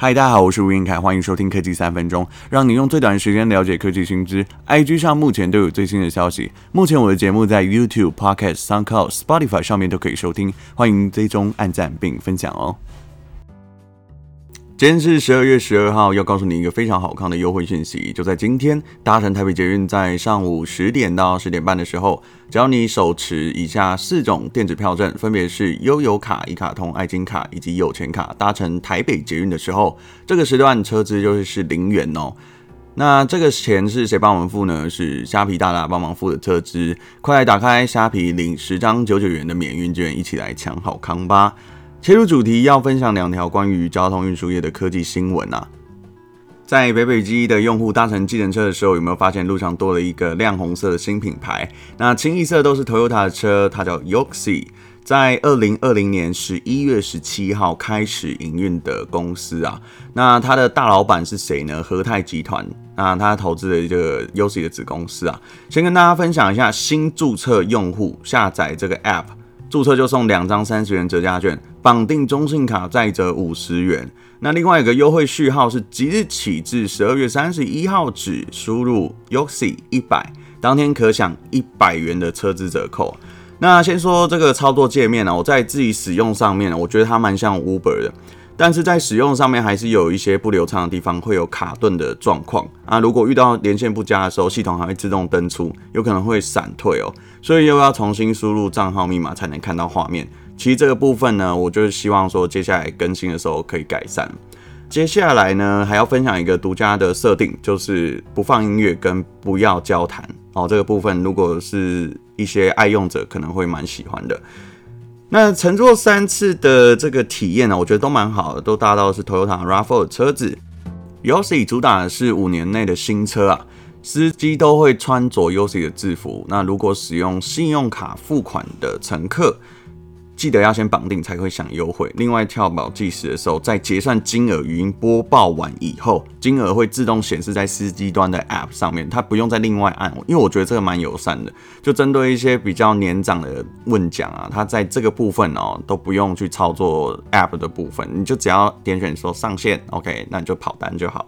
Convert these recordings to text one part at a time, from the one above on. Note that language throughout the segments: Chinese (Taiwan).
嗨，大家好，我是吳雲凱，歡迎收聽科技三分鐘，讓你用最短的時間了解科技新知。IG 上目前都有最新的消息。目前我的節目在 YouTube、Podcast、SoundCloud、Spotify 上面都可以收聽，歡迎追蹤、按讚並分享哦。今天是十二月十二號，要告訴你一個非常好康的優惠訊息。就在今天，搭乘台北捷運在上午十點到十點半的時候，只要你手持以下四種電子票證，分別是悠遊卡、一卡通、愛金卡以及有錢卡，搭乘台北捷運的時候，這個時段車資就是零元哦。那這個錢是誰幫我們付呢？是蝦皮大大幫忙付的車資。快來打開蝦皮領十張九九元的免運券，一起來搶好康吧！切入主題，要分享兩條關於交通運輸業的科技新聞啊。在北北基的用戶搭乘計程車的時候，有沒有發現路上多了一個亮紅色的新品牌？那清一色都是 Toyota 的車，它叫 Yoxi，在二零二零年十一月十七號開始營運的公司啊。那它的大老闆是誰呢？和泰集團啊，他投資了一個 Yoxi 的子公司啊。先跟大家分享一下新註冊用戶下載這個 App。註冊就送兩張三十元折價券，綁定中信卡再折五十元。那另外有個優惠序號是即日起至十二月三十一號止，輸入 Yoxi 一百，當天可享一百元的車資折扣。那先說這個操作界面啊，我在自己使用上面，我覺得它蠻像 Uber 的。但是在使用上面還是有一些不流暢的地方，會有卡頓的狀況啊。如果遇到連線不佳的時候，系統還會自動登出，有可能會閃退哦，所以又要重新輸入賬號密碼才能看到畫面。其實這個部分呢，我就是希望說接下來更新的時候可以改善。接下來呢，還要分享一個獨家的設定，就是不放音樂跟不要交談哦。這個部分如果是一些愛用者可能會蠻喜歡的。那乘坐三次的這個體驗呢、啊，我覺得都蠻好的，都搭到的是 Toyota RAV4 的車子。Yoxi 主打的是五年內的新車啊，司機都會穿着 Yoxi 的制服。那如果使用信用卡付款的乘客，記得要先綁定才會享優惠。另外，跳表計時的時候，在結算金額語音播報完以後，金額會自動顯示在司機端的 App 上面，它不用再另外按。因為我覺得這個蠻友善的，就針對一些比較年長的運將啊，他在這個部分哦、喔、都不用去操作 App 的部分，你就只要點選說上線，OK，那你就跑單就好。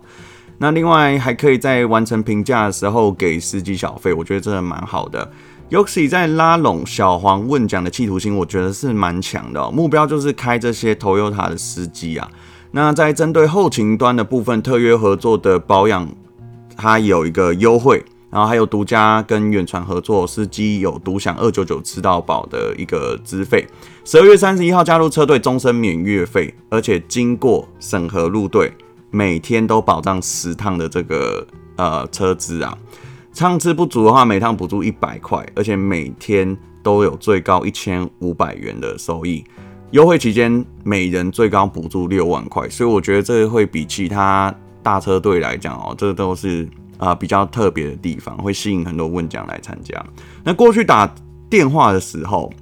那另外還可以在完成評價的時候給司機小費，我覺得這個蠻好的。Yoxi 在拉攏小黃問獎的企圖心，我覺得是蠻強的、哦。目標就是開這些 Toyota 的司機啊。那在針對後勤端的部分，特約合作的保養，它有一個優惠。然後還有獨家跟遠傳合作，司機有獨享二九九吃到飽的一個資費。十二月三十一號加入車隊，終身免月費，而且經過審核入隊，每天都保障十趟的這個呃車資啊。趟次不足的話，每趟補助一百塊，而且每天都有最高一千五百元的收益。優惠期間，每人最高補助六萬塊，所以我覺得這會比其他大車隊來講哦，這都是啊、呃、比較特別的地方，會吸引很多運將來參加。那過去打電話的時候。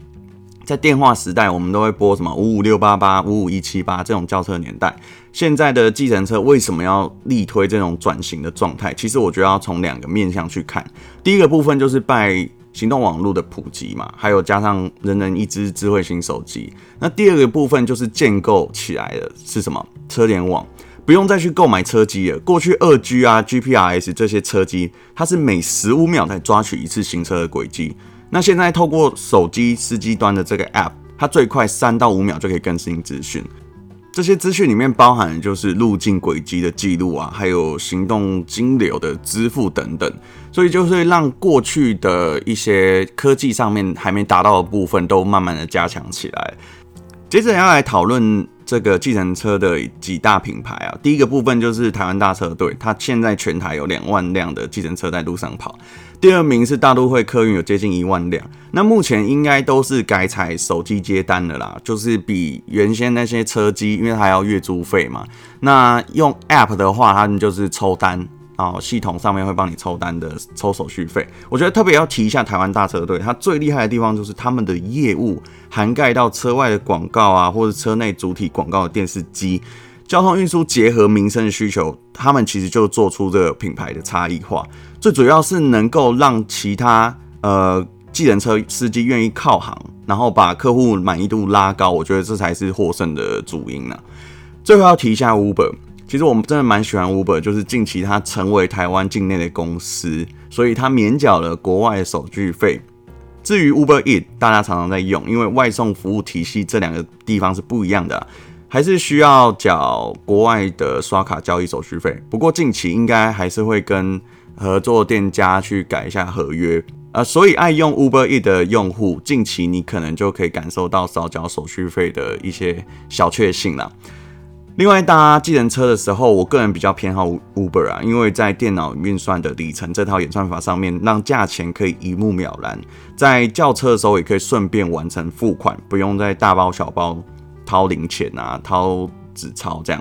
在電話時代，我們都會撥什麼五五六八八、五五一七八這種叫車年代。現在的計程車為什麼要力推這種轉型的狀態？其實我覺得要從兩個面向去看。第一個部分就是拜行動網路的普及嘛，還有加上人人一支智慧型手機。那第二個部分就是建構起來的是什麼？車聯網，不用再去購買車機了。過去二 G 啊、GPRS 這些車機，它是每十五秒才抓取一次行車的軌跡。那現在透過手機司機端的這個 App，它最快三到五秒就可以更新資訊。這些資訊裡面包含的就是路徑軌跡的記錄啊，還有行動金流的支付等等。所以就是會讓過去的一些科技上面還沒達到的部分，都慢慢的加強起來。接着要來討論這個計程車的幾大品牌啊。第一個部分就是台灣大車隊，它現在全台有兩萬輛的計程車在路上跑。第二名是大都會客運，有接近一萬輛。那目前應該都是改採手機接單的啦，就是比原先那些車機，因為它要月租費嘛。那用 App 的話，他們就是抽單。然後系統上面會幫你抽單的，抽手續費。我覺得特別要提一下台灣大車隊，它最厲害的地方就是他們的業務涵蓋到車外的廣告啊，或者車內主體廣告的電視機，交通運輸結合民生的需求，他們其實就做出這個品牌的差異化。最主要是能夠讓其他呃計程車司機願意靠行，然後把客戶滿意度拉高，我覺得這才是獲勝的主因呢、啊。最後要提一下 Uber。其實我們真的蠻喜歡 Uber，就是近期它成為台灣境內的公司，所以它免繳了國外的手續費。至於 Uber Eats 大家常常在用，因為外送服務體系這兩個地方是不一樣的、啊，還是需要繳國外的刷卡交易手續費。不過近期應該還是會跟合作店家去改一下合約，呃，所以愛用 Uber Eats 的用戶，近期你可能就可以感受到少繳手續費的一些小確幸了、啊。另外搭計程車的時候，我個人比較偏好 Uber 啊，因為在電腦運算的里程這套演算法上面，讓價錢可以一目了然。在叫車的時候，也可以順便完成付款，不用再大包小包掏零錢啊，掏紙鈔這樣。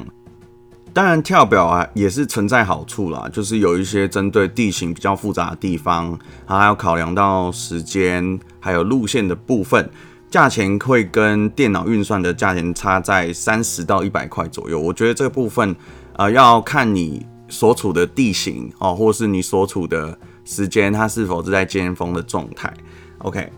當然跳表啊也是存在好處啦，就是有一些針對地形比較複雜的地方，它還要考量到時間還有路線的部分。價錢會跟電腦運算的價錢差在三十到一百塊左右，我覺得這個部分，啊、呃，要看你所處的地形哦，或是你所處的時間，它是否是在尖峰的狀態。OK，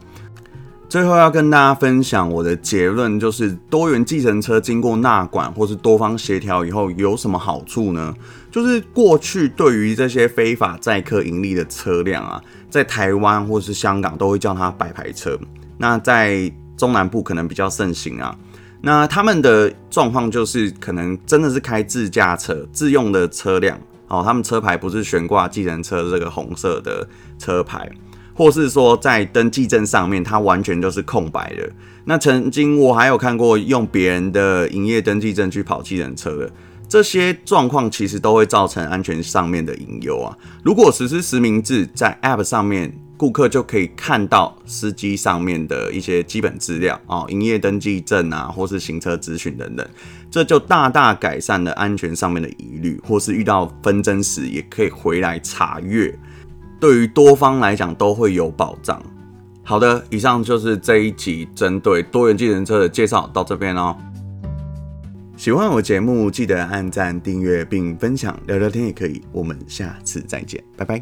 最後要跟大家分享我的結論，就是多元計程車經過納管或是多方協調以後，有什麼好處呢？就是過去對於這些非法載客盈利的車輛啊，在台灣或是香港都會叫它白牌車，那在中南部可能比較盛行啊，那他們的狀況就是可能真的是開自駕車、自用的車輛哦，他們車牌不是懸掛計程車這個紅色的車牌，或是說在登記證上面它完全就是空白的。那曾經我還有看過用別人的營業登記證去跑計程車的，這些狀況其實都會造成安全上面的隱憂啊。如果實施實名制在 App 上面。顧客就可以看到司機上面的一些基本資料啊，營業登記證啊，或是行車資訊等等，這就大大改善了安全上面的疑慮，或是遇到紛爭時也可以回來查閱，對於多方來講都會有保障。好的，以上就是這一集針對多元計程車的介紹，到這邊哦。喜歡我節目，記得按讚、訂閱並分享，聊聊天也可以。我們下次再見，拜拜。